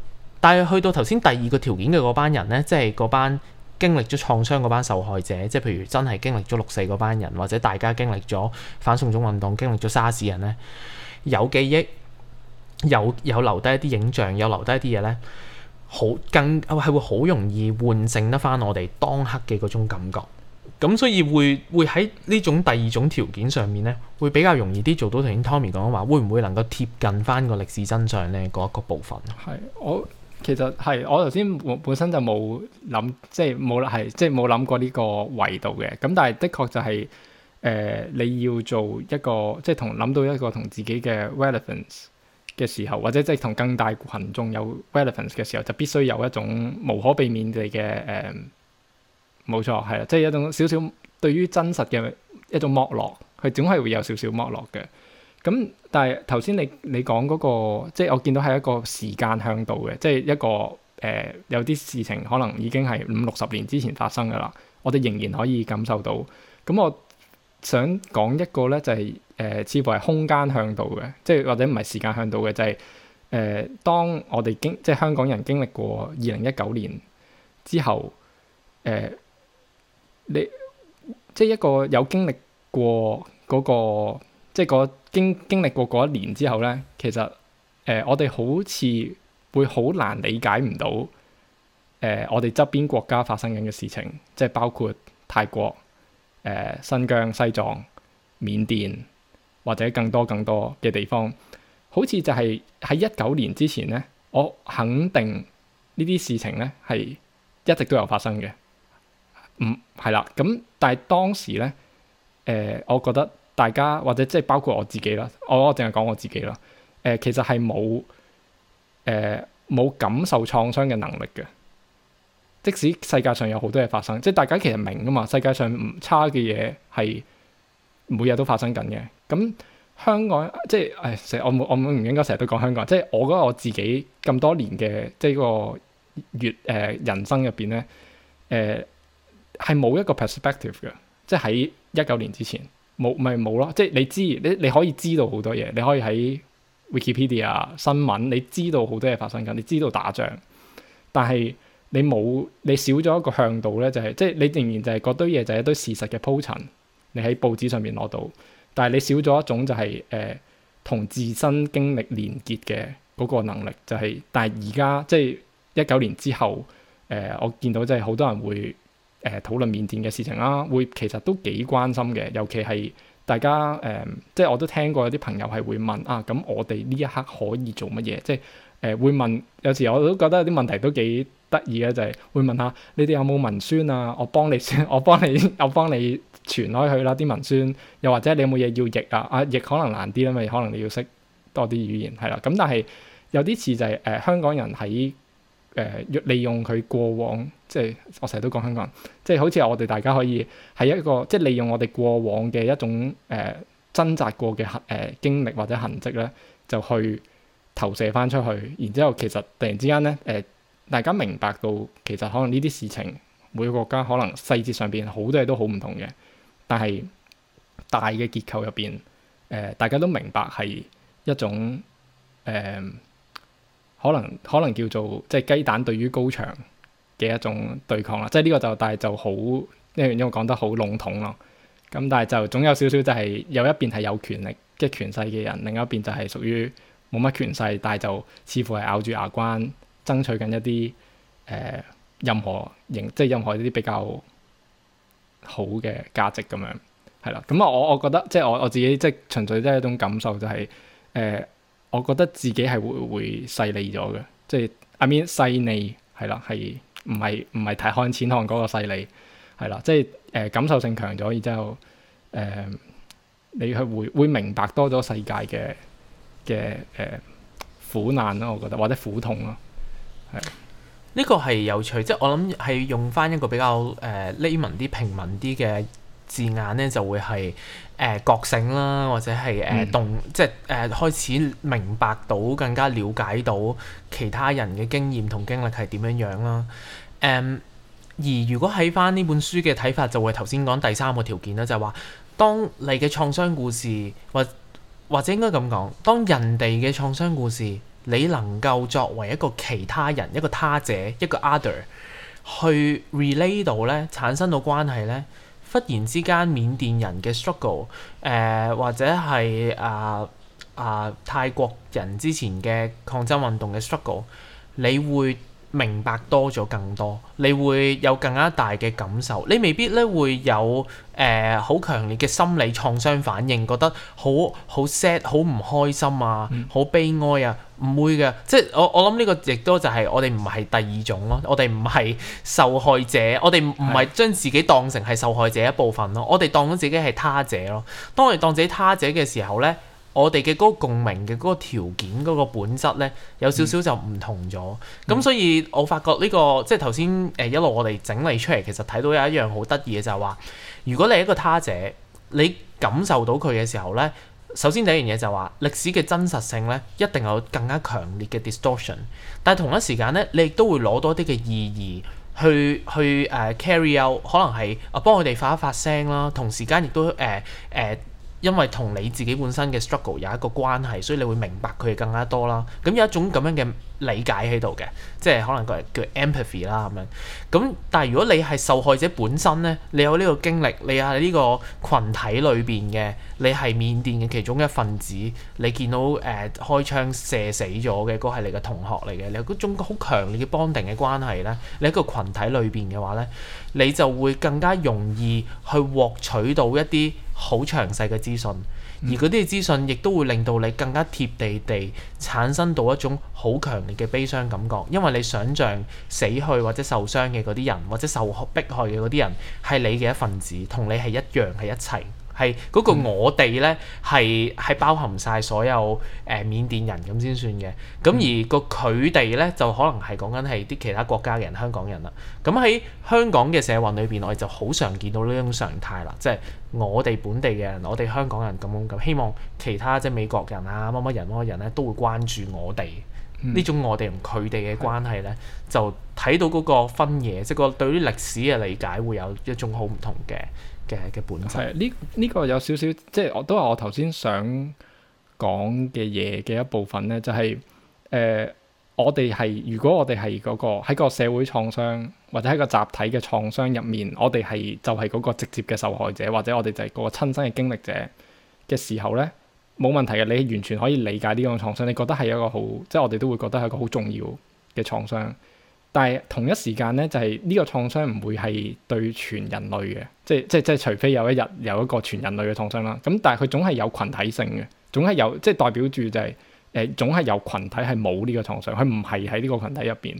但係去到頭先第二個條件嘅嗰班人呢，即係嗰班經歷咗創傷嗰班受害者，即係譬如真係經歷咗六四嗰班人，或者大家經歷咗反送中運動、經歷咗沙士人呢，有記憶，有有留低一啲影像，有留低一啲嘢呢，好更係會好容易喚醒得翻我哋當刻嘅嗰種感覺。咁所以會會喺呢種第二種條件上面呢，會比較容易啲做到頭先 Tommy 講話，會唔會能夠貼近翻個歷史真相呢？嗰一個部分。係我。其實係，我頭先本身就冇諗，即係冇係，即係冇諗過呢個維度嘅。咁但係的確就係、是，誒、呃、你要做一個，即係同諗到一個同自己嘅 relevance 嘅時候，或者即係同更大群眾有 relevance 嘅時候，就必須有一種無可避免地嘅誒，冇錯係啊，即係一種少少對於真實嘅一種剝落，佢總係會有少少剝落嘅。咁、嗯。但係頭先你你講嗰個，即係我見到係一個時間向度嘅，即係一個誒，有啲事情可能已經係五六十年之前發生嘅啦，我哋仍然可以感受到。咁我想講一個咧，就係誒，似乎係空間向度嘅，即係或者唔係時間向度嘅，就係誒，當我哋經即係香港人經歷過二零一九年之後，誒你即係一個有經歷過嗰個。即係個經經歷過嗰一年之後咧，其實誒、呃、我哋好似會好難理解唔到誒我哋側邊國家發生緊嘅事情，即係包括泰國、誒、呃、新疆、西藏、緬甸或者更多更多嘅地方，好似就係喺一九年之前咧，我肯定呢啲事情咧係一直都有發生嘅。嗯，係啦，咁但係當時咧，誒、呃、我覺得。大家或者即係包括我自己啦，我我淨係講我自己啦。誒、呃，其實係冇誒冇感受創傷嘅能力嘅，即使世界上有好多嘢發生，即係大家其實明㗎嘛，世界上唔差嘅嘢係每日都發生緊嘅。咁香港即係誒成日我我唔應該成日都講香港，即係我覺得我，我，我自己咁多年嘅即係呢個月誒、呃、人生入邊咧，誒係冇一個 perspective 嘅，即係喺一九年之前。冇咪冇咯，即係你知你你可以知道好多嘢，你可以喺 Wikipedia 新聞，你知道好多嘢發生緊，你知道打仗，但係你冇你少咗一個向度咧、就是，就係即係你仍然就係嗰堆嘢就係一堆事實嘅鋪陳，你喺報紙上面攞到，但係你少咗一種就係、是、誒、呃、同自身經歷連結嘅嗰個能力、就是，就係但係而家即係一九年之後，誒、呃、我見到即係好多人會。誒討論緬甸嘅事情啦，會其實都幾關心嘅，尤其係大家誒、呃，即係我都聽過有啲朋友係會問啊，咁我哋呢一刻可以做乜嘢？即係誒、呃、會問，有時我都覺得有啲問題都幾得意嘅，就係、是、會問下你哋有冇文宣啊？我幫你，我幫你，我幫你傳開去啦！啲文宣，又或者你有冇嘢要譯啊？啊譯可能難啲，因為可能你要識多啲語言係啦。咁但係有啲詞就係、是、誒、呃、香港人喺。誒、呃，利用佢過往，即係我成日都講香港，即係好似我哋大家可以係一個，即係利用我哋過往嘅一種誒、呃、掙扎過嘅誒、呃、經歷或者痕跡咧，就去投射翻出去。然之後，其實突然之間咧，誒、呃、大家明白到其實可能呢啲事情每個國家可能細節上邊好多嘢都好唔同嘅，但係大嘅結構入邊，誒、呃、大家都明白係一種誒。呃可能可能叫做即係雞蛋對於高牆嘅一種對抗啦，即係呢個就但係就好，因為因我講得好籠統咯。咁但係就總有少少就係有一邊係有權力即係權勢嘅人，另一邊就係屬於冇乜權勢，但係就似乎係咬住牙關爭取緊一啲誒、呃、任何形即係任何一啲比較好嘅價值咁樣係啦。咁啊，我我覺得即係我我自己即係純粹即係一種感受就係、是、誒。呃我覺得自己係會會細膩咗嘅，即係 I mean 細膩係啦，係唔係唔係太看淺看嗰個細膩係啦，即係誒、呃、感受性強咗，然之後誒你係會會明白多咗世界嘅嘅誒苦難咯，我覺得或者苦痛咯，係呢個係有趣，即係我諗係用翻一個比較誒 layman 啲平民啲嘅，字眼咧就會係誒、呃、覺醒啦，或者係誒、呃、動，即係誒、呃、開始明白到更加了解到其他人嘅經驗同經歷係點樣樣啦。誒、嗯、而如果喺翻呢本書嘅睇法，就會頭先講第三個條件啦，就係、是、話當你嘅創傷故事或者或者應該咁講，當人哋嘅創傷故事，你能夠作為一個其他人一個他者一個 other 去 relate 到咧，產生到關係咧。忽然之間，緬甸人嘅 struggle，誒、呃、或者係啊啊泰國人之前嘅抗爭運動嘅 struggle，你會明白多咗更多，你會有更加大嘅感受，你未必咧會有誒好強烈嘅心理創傷反應，覺得好好 sad 好唔開心啊，好悲哀啊，唔會嘅，即係我我諗呢個亦都就係我哋唔係第二種咯，我哋唔係受害者，我哋唔係將自己當成係受害者一部分咯，我哋當咗自己係他者咯，當我哋當自己他者嘅時候咧。我哋嘅嗰個共鳴嘅嗰個條件嗰個本質咧，有少少就唔同咗。咁、嗯、所以，我發覺呢、呢個即係頭先誒一路我哋整理出嚟，其實睇到有一樣好得意嘅就係話，如果你係一個他者，你感受到佢嘅時候咧，首先第一樣嘢就係話歷史嘅真實性咧，一定有更加強烈嘅 distortion。但係同一時間咧，你亦都會攞多啲嘅意義去去誒、呃、carry out，可能係啊幫佢哋發一發聲啦。同時間亦都誒誒。呃呃因為同你自己本身嘅 struggle 有一個關係，所以你會明白佢更加多啦。咁有一種咁樣嘅。理解喺度嘅，即係可能個叫 empathy 啦咁樣。咁但係如果你係受害者本身呢，你有呢個經歷，你喺呢個群體裏邊嘅，你係緬甸嘅其中一份子，你見到誒、呃、開槍射死咗嘅嗰係你嘅同學嚟嘅，你有嗰種好強烈嘅 b 定嘅關係呢，你喺個群體裏邊嘅話呢，你就會更加容易去獲取到一啲好詳細嘅資訊。而嗰啲嘅資訊亦都會令到你更加貼地地產生到一種好強烈嘅悲傷感覺，因為你想像死去或者受傷嘅嗰啲人，或者受迫害嘅嗰啲人，係你嘅一份子，同你係一樣，係一齊。係嗰、嗰個我哋呢，係係包含晒所有誒、呃、緬甸人咁先算嘅。咁而嗰個佢哋呢，就可能係講緊係啲其他國家嘅人、香港人啦。咁喺香港嘅社運裏邊，我哋就好常見到呢種常態啦，即係我哋本地嘅人、我哋香港人咁樣咁，希望其他即係美國人啊、乜乜人、乜乜人呢，都會關注我哋呢、嗯、種我哋同佢哋嘅關係呢，的就睇到嗰個分野，即係個對於歷史嘅理解會有一種好唔同嘅。嘅嘅本質呢呢、呢個有少少即係我都係我頭先想講嘅嘢嘅一部分咧，就係、是、誒、呃、我哋係如果我哋係嗰個喺個社會創傷或者喺個集體嘅創傷入面，我哋係就係、是、嗰個直接嘅受害者，或者我哋就係嗰個親身嘅經歷者嘅時候咧，冇問題嘅，你完全可以理解呢種創傷。你覺得係一個好即係我哋都會覺得係一個好重要嘅創傷。但係同一時間咧，就係、是、呢個創傷唔會係對全人類嘅，即係即係即係，除非有一日有一個全人類嘅創傷啦。咁但係佢總係有群體性嘅，總係有即係代表住就係、是、誒、呃，總係有群體係冇呢個創傷，佢唔係喺呢個群體入邊。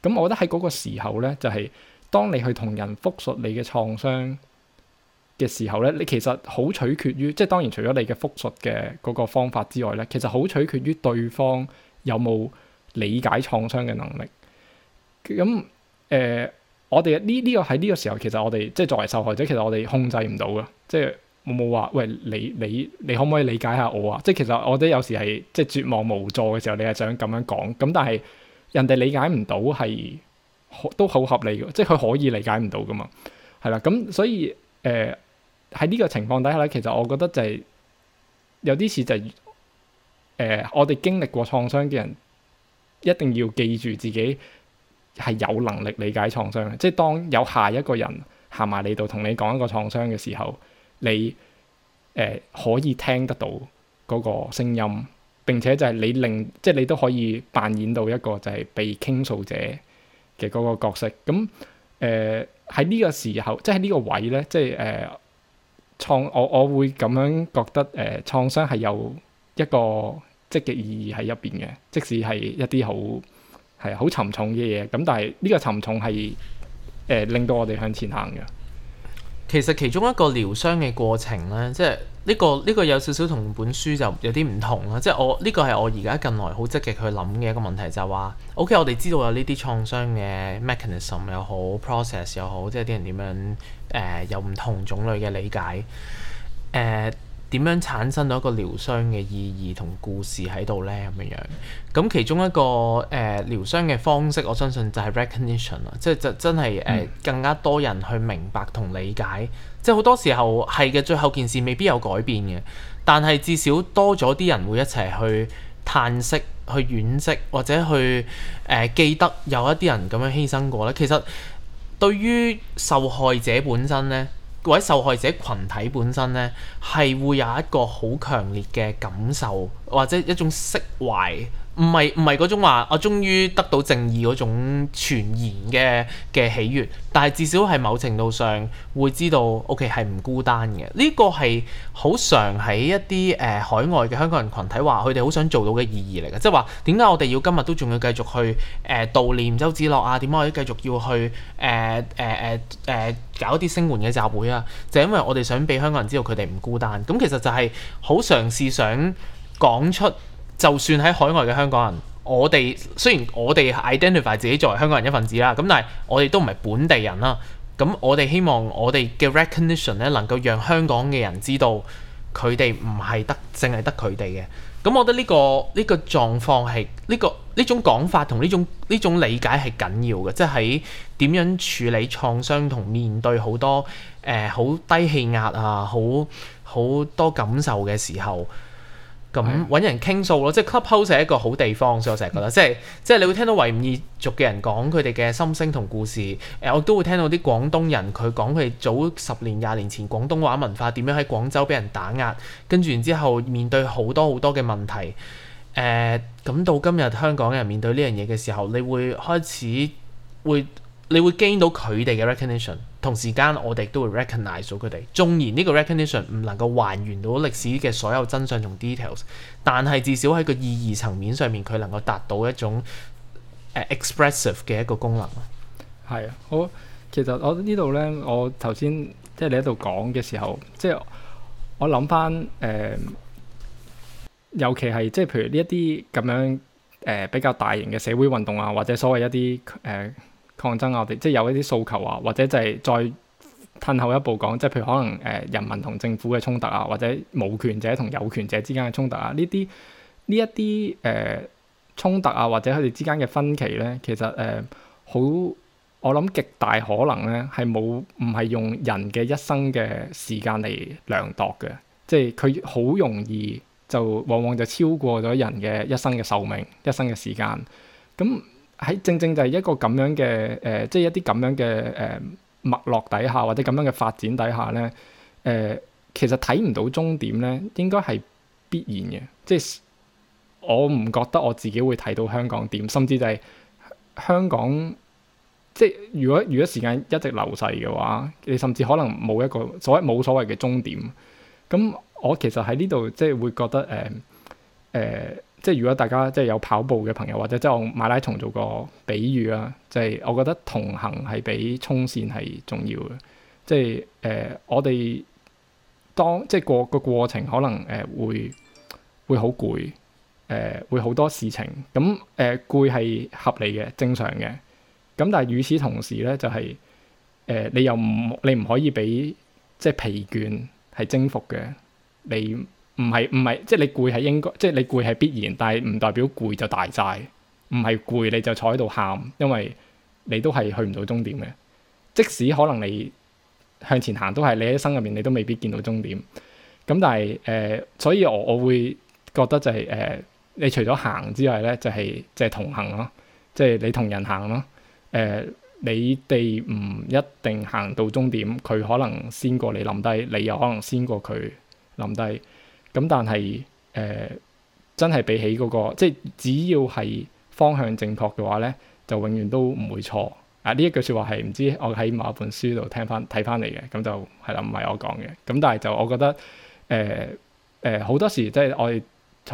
咁我覺得喺嗰個時候咧，就係、是、當你去同人復述你嘅創傷嘅時候咧，你其實好取決於，即係當然除咗你嘅復述嘅嗰個方法之外咧，其實好取決於對方有冇理解創傷嘅能力。咁誒、呃，我哋呢呢個喺呢個時候，其實我哋即係作為受害者，其實我哋控制唔到嘅，即係冇冇話喂你你你可唔可以理解下我啊？即係其實我哋有時係即係絕望無助嘅時候，你係想咁樣講，咁但係人哋理解唔到，係都好合理嘅，即係佢可以理解唔到噶嘛，係啦。咁所以誒喺呢個情況底下咧，其實我覺得就係、係、有啲事就誒、係呃，我哋經歷過創傷嘅人一定要記住自己，係有能力理解創傷嘅，即係當有下一個人行埋你度同你講一個創傷嘅時候，你誒、呃、可以聽得到嗰個聲音，並且就係你令，即係你都可以扮演到一個就係被傾訴者嘅嗰個角色。咁誒喺呢個時候，即係呢個位咧，即係誒創我我會咁樣覺得，誒創傷係有一個積極意義喺入邊嘅，即使係一啲好。係好沉重嘅嘢咁，但係呢個沉重係、呃、令到我哋向前行嘅。其實其中一個療傷嘅過程咧，即係呢、呢個呢、呢個有少少同本書就有啲唔同啦。即係我呢、呢個係我而家近來好積極去諗嘅一個問題，就係、係、話 OK，我哋知道有呢啲創傷嘅 mechanism 又好 process 又好，即係啲人點樣誒、呃、有唔同種類嘅理解誒，呃點樣產生咗一個療傷嘅意義同故事喺度呢？咁樣樣，咁其中一個誒療傷嘅方式，我相信就係 recognition 啦，即係就真係誒、呃、更加多人去明白同理解，即係好多時候係嘅，最後件事未必有改變嘅，但係至少多咗啲人會一齊去嘆息、去惋惜或者去誒、呃、記得有一啲人咁樣犧牲過咧。其實對於受害者本身呢，各位受害者群體本身呢，係會有一個好強烈嘅感受，或者一種釋懷。唔係唔係嗰種話，我終於得到正義嗰種傳言嘅嘅喜悅，但係至少係某程度上會知道，OK 係唔孤單嘅。呢、這個係好常喺一啲誒、呃、海外嘅香港人群體話，佢哋好想做到嘅意義嚟嘅，即係話點解我哋要今日都仲要繼續去誒、呃、悼念周梓樂啊？點解我哋繼續要去誒誒誒誒搞一啲聲援嘅集會啊？就係、因為我哋想俾香港人知道佢哋唔孤單。咁其實就係好嘗試想講出。就算喺海外嘅香港人，我哋雖然我哋 identify 自己作為香港人一份子啦，咁但係我哋都唔係本地人啦。咁我哋希望我哋嘅 recognition 咧，能夠讓香港嘅人知道佢哋唔係得，淨係得佢哋嘅。咁我覺得呢個呢個狀況係呢個呢種講法同呢種呢種理解係緊要嘅，即係喺點樣處理創傷同面對好多誒好、呃、低氣壓啊，好好多感受嘅時候。咁揾人傾訴咯，即係 clubhouse 係一個好地方，所以我成日覺得，即係即係你會聽到維吾爾族嘅人講佢哋嘅心聲同故事，誒、呃，我都會聽到啲廣東人佢講佢哋早十年廿年前廣東話文化點樣喺廣州俾人打壓，跟住然之後面對好多好多嘅問題，誒、呃，咁到今日香港人面對呢樣嘢嘅時候，你會開始會。你會 gain 到佢哋嘅 recognition，同時間我哋都會 recognize 到佢哋。縱然呢個 recognition 唔能夠還原到歷史嘅所有真相同 details，但係至少喺個意義層面上面，佢能夠達到一種、uh, expressive 嘅一個功能咯。係啊，好。其實我呢度咧，我頭先即係你喺度講嘅時候，即係我諗翻誒，尤其係即係譬如呢一啲咁樣誒、呃、比較大型嘅社會運動啊，或者所謂一啲誒。呃抗爭啊！我哋即係有一啲訴求啊，或者就係再褪後一步講，即係譬如可能誒、呃、人民同政府嘅衝突啊，或者無權者同有權者之間嘅衝突啊，呢啲呢一啲誒衝突啊，或者佢哋之間嘅分歧咧，其實誒好、呃，我諗極大可能咧係冇唔係用人嘅一生嘅時間嚟量度嘅，即係佢好容易就往往就超過咗人嘅一生嘅壽命、一生嘅時間咁。嗯喺正正就係一個咁樣嘅誒、呃，即係一啲咁樣嘅誒、呃、脈絡底下，或者咁樣嘅發展底下咧，誒、呃、其實睇唔到終點咧，應該係必然嘅。即係我唔覺得我自己會睇到香港點，甚至就係香港即係如果如果時間一直流逝嘅話，你甚至可能冇一個所謂冇所謂嘅終點。咁我其實喺呢度即係會覺得誒誒。呃呃。即係如果大家即係有跑步嘅朋友，或者即係我馬拉松做個比喻啊，即係我覺得同行係比衝線係重要嘅。即係誒、呃，我哋當即係過個過程可能誒、呃、會、呃、會好攰，誒會好多事情。咁誒攰係合理嘅、正常嘅。咁但係與此同時咧，就係、是、誒、呃、你又唔你唔可以俾即係疲倦係征服嘅，你。唔係唔係，即係你攰係應該，即係你攰係必然，但係唔代表攰就大曬。唔係攰你就坐喺度喊，因為你都係去唔到終點嘅。即使可能你向前行，都係你喺生入面，你都未必見到終點。咁但係誒、呃，所以我我會覺得就係、是、誒、呃，你除咗行之外咧，就係、是、就係、是、同行咯，即、就、係、是、你同人行咯。誒、呃，你哋唔一定行到終點，佢可能先過你冧低，你又可能先過佢冧低。咁但係誒、呃，真係比起嗰、嗰個，即係只要係方向正確嘅話咧，就永遠都唔會錯啊！呢一句説話係唔知我喺某本書度聽返睇返嚟嘅，咁就係啦，唔係我講嘅。咁但係就我覺得誒誒，好、呃呃、多時即係我哋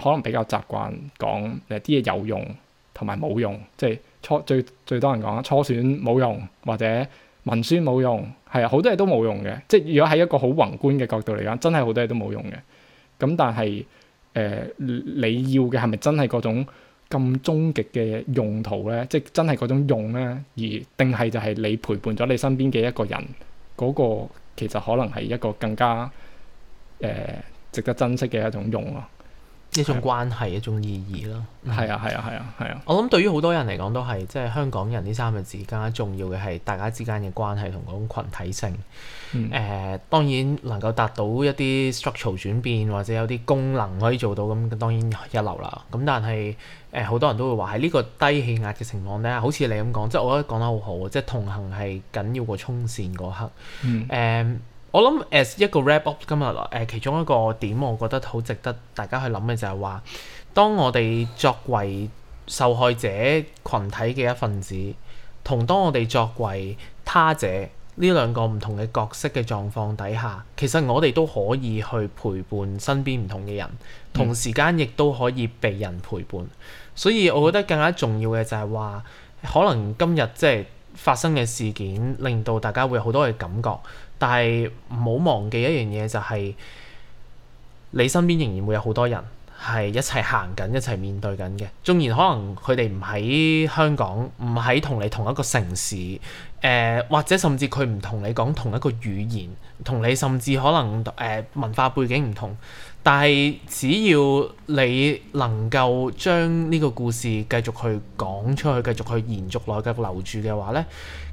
可能比較習慣講誒啲嘢有用同埋冇用，即係初最最多人講初選冇用或者文宣冇用係啊，好多嘢都冇用嘅。即係如果喺一個好宏觀嘅角度嚟講，真係好多嘢都冇用嘅。咁但係，誒你要嘅係咪真係嗰種咁終極嘅用途咧？即係真係嗰種用咧，而定係就係你陪伴咗你身邊嘅一個人嗰個，其實可能係一個更加誒值得珍惜嘅一種用咯。一種關係，一種意義咯。係啊，係啊，係啊，係啊。我諗對於好多人嚟講都，都係即係香港人呢三個字更加重要嘅係大家之間嘅關係同嗰種羣體性。誒、嗯呃、當然能夠達到一啲 structural 轉變或者有啲功能可以做到咁，當然一流啦。咁但係誒好多人都會話喺呢個低氣壓嘅情況底下，好似你咁講，即、就、係、是、我覺得講得好好即係同行係緊要過衝線嗰刻。誒、嗯。呃我諗，as 一個 wrap up 今日誒、呃，其中一個點，我覺得好值得大家去諗嘅就係話，當我哋作為受害者群體嘅一份子，同當我哋作為他者呢兩個唔同嘅角色嘅狀況底下，其實我哋都可以去陪伴身邊唔同嘅人，同時間亦都可以被人陪伴。嗯、所以我覺得更加重要嘅就係話，可能今日即係發生嘅事件，令到大家會有好多嘅感覺。但係唔好忘記一樣嘢，就係、是、你身邊仍然會有好多人係一齊行緊、一齊面對緊嘅。縱然可能佢哋唔喺香港，唔喺同你同一個城市，誒、呃、或者甚至佢唔同你講同一個語言，同你甚至可能誒、呃、文化背景唔同，但係只要你能夠將呢個故事繼續去講出去，繼續去延續去、來繼續留住嘅話呢，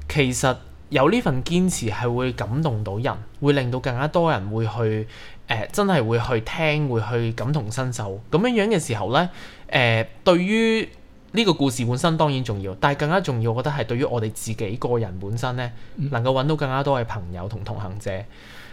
其實。有呢份堅持係會感動到人，會令到更加多人會去誒、呃，真係會去聽，會去感同身受咁樣樣嘅時候呢，誒、呃、對於呢個故事本身當然重要，但係更加重要，我覺得係對於我哋自己個人本身呢，能夠揾到更加多嘅朋友同同行者。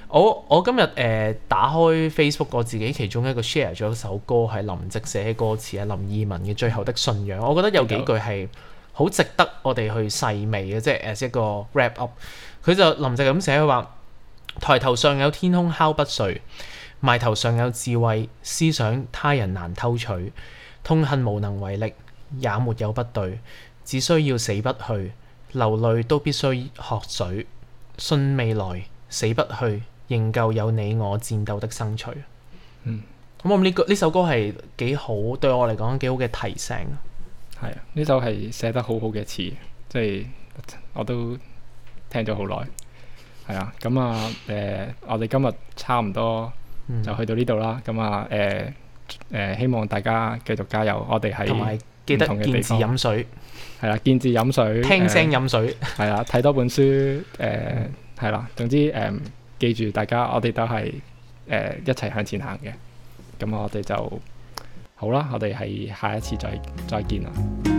我我今日誒、呃、打開 Facebook，我自己其中一個 share 咗一首歌係林夕寫嘅歌詞啊，林二汶嘅《最後的信仰》，我覺得有幾句係。好值得我哋去細味嘅，即係 as 一個 wrap up。佢就林夕咁寫佢話：抬頭上有天空敲不碎，埋頭上有智慧思想，他人難偷取。痛恨無能為力，也沒有不對，只需要死不去，流淚都必須學水。信未來，死不去，仍舊有你我戰鬥的生趣。嗯，咁我呢個呢首歌係幾好，對我嚟講幾好嘅提醒。係啊，呢首係寫得好好嘅詞，即係我都聽咗好耐。係啊，咁、哎嗯、啊，誒，我哋今日差唔多就去到呢度啦。咁啊，誒誒，希望大家繼續加油。我哋喺唔同嘅地方記得飲水，係啦，見字飲水，聽聲飲水，係啦、呃，睇 [laughs] 多本書，誒、呃，係啦，總之誒、嗯，記住大家，我哋都係誒、呃、一齊向前行嘅。咁我哋就～好啦，我哋係下一次再再見啦。